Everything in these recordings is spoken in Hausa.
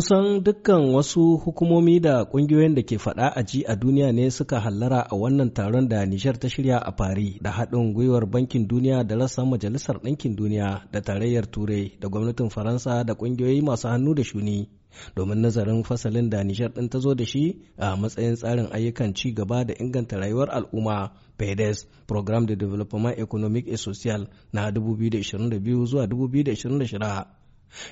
Kusan dukkan wasu hukumomi da ƙungiyoyin da ke faɗa a ji a duniya ne suka hallara a wannan taron da Nijar ta shirya a Fari da haɗin gwiwar Bankin Duniya da rassan Majalisar Ɗinkin Duniya da Tarayyar Turai da gwamnatin Faransa da ƙungiyoyi masu hannu da shuni domin nazarin fasalin da nishar ɗin ta zo da shi a matsayin tsarin ayyukan ci gaba da inganta rayuwar al'umma PEDES Program de Development Economic et Social na 2022 zuwa 2026.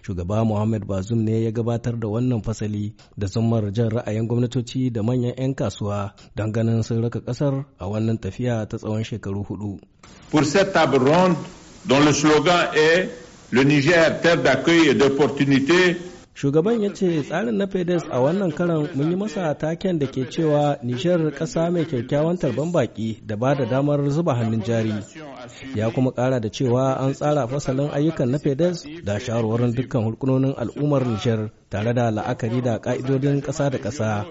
Shugaba Muhammad Bazum ne ya gabatar da wannan fasali da zammar jan ra'ayin gwamnatoci da manyan 'yan kasuwa don ganin sun raka ƙasar a wannan tafiya ta tsawon shekaru hudu. Pour cette table ronde dont le slogan est le Niger terre shugaban ya ce tsarin na fedes a wannan karan mun yi masa taken da ke cewa nishar ƙasa mai kyakkyawan tarban baƙi da ba da damar zuba hannun jari ya kuma kara da cewa an tsara fasalin ayyukan na fedes da shawarwarin dukkan hulkunonin al'ummar nijar tare da la'akari da ka'idodin ƙasa da ƙasa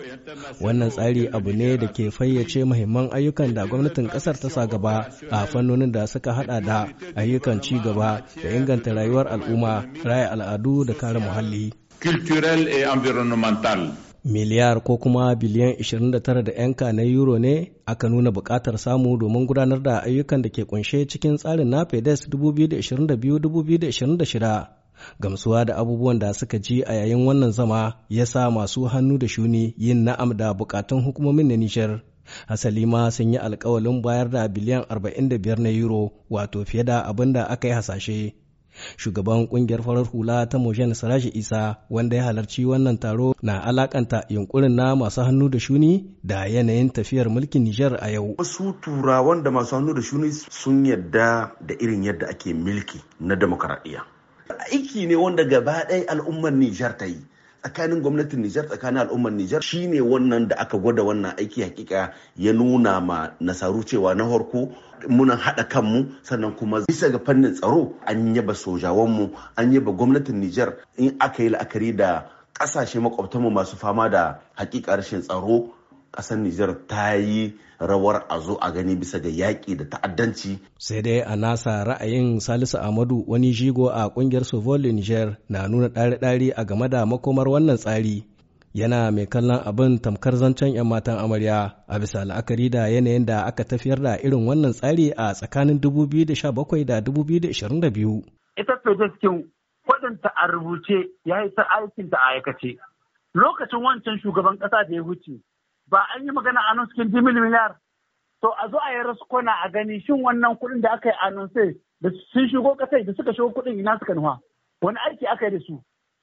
wannan tsari abu ne da ke fayyace mahimman ayyukan da gwamnatin ƙasar ta sa gaba a fannonin da suka hada da ayyukan ci gaba da inganta rayuwar al'umma raya al'adu da kare muhalli culturel et environnemental miliyar ko kuma biliyan 29 da 'yanka na euro ne aka nuna buƙatar samu domin gudanar da ayyukan da ke kunshe cikin tsarin na fedes 2022-2026 gamsuwa da abubuwan da suka ji a yayin wannan zama ya sa masu hannu da shuni yin na'am da bukatun hukumomin na nishar asali ma sun yi alkawalin bayar da biliyan 45 na euro wato fiye da abin da aka yi hasashe shugaban kungiyar farar hula ta mojen siraji isa wanda ya halarci wannan taro na alakanta yunkurin na masu hannu da shuni da yanayin tafiyar mulkin nijar a yau wasu tura wanda masu hannu da shuni sun yadda da irin yadda ake milki na demokaradiyya aiki ne wanda gaba ɗaya al'ummar nijar ta yi tsakanin gwamnatin Nijar tsakanin al'ummar Nijar shine wannan da aka gwada wannan aiki hakika ya nuna ma nasaru cewa na harko muna haɗa kanmu sannan kuma bisa ga fannin tsaro an yaba sojawanmu an yaba gwamnatin Nijar in aka yi la'akari da ƙasashe makwabtanmu masu fama da hakika rashin tsaro kasar Nijar ta yi rawar a zo a gani bisa ga yaƙi da ta'addanci. Sai dai a nasa ra'ayin Salisu ahmadu wani jigo a ƙungiyar Sovoli Nijar na nuna ɗari-ɗari a game da makomar wannan tsari. Yana mai kallon abin tamkar zancen 'yan matan amarya a bisa la'akari da yanayin da aka tafiyar da irin wannan tsari a tsakanin 2017 da 2022. Ita Fejaskin waɗanta a rubuce ya yi ta aikinta a aikace. Lokacin wancan shugaban ƙasa da ya wuce. ba an yi magana a nan cikin jimil miliyar to a zo a yi raskona a gani shin wannan kuɗin da aka yi anunce da sun shigo kasai da suka shigo kuɗin ina suka nuwa wani aiki aka yi da su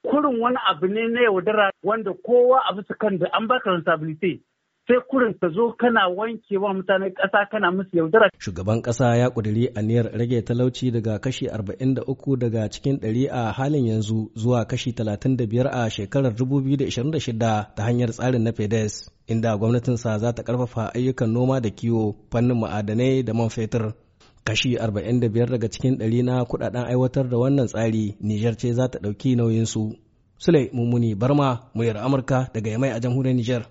kurin wani abu ne na yaudara wanda kowa a bisa kan da an baka responsibility sai kurin ta zo kana wanke wa mutane ƙasa kana musu yaudara. Shugaban ƙasa ya ƙudiri niyar rage talauci daga kashi 43 daga cikin 100 a halin yanzu zuwa kashi 35 a shekarar 2026 ta hanyar tsarin na FEDES. Inda gwamnatinsa za ta ƙarfafa ayyukan noma da kiwo, fannin ma'adanai da man fetur. Kashi 45 daga cikin 100 na kuɗaɗen aiwatar da wannan tsari, Nijar ce za ta ɗauki nauyinsu. Sule Mummuni Barma, muryar Amurka daga Yamai a jamhuriyar Nijar.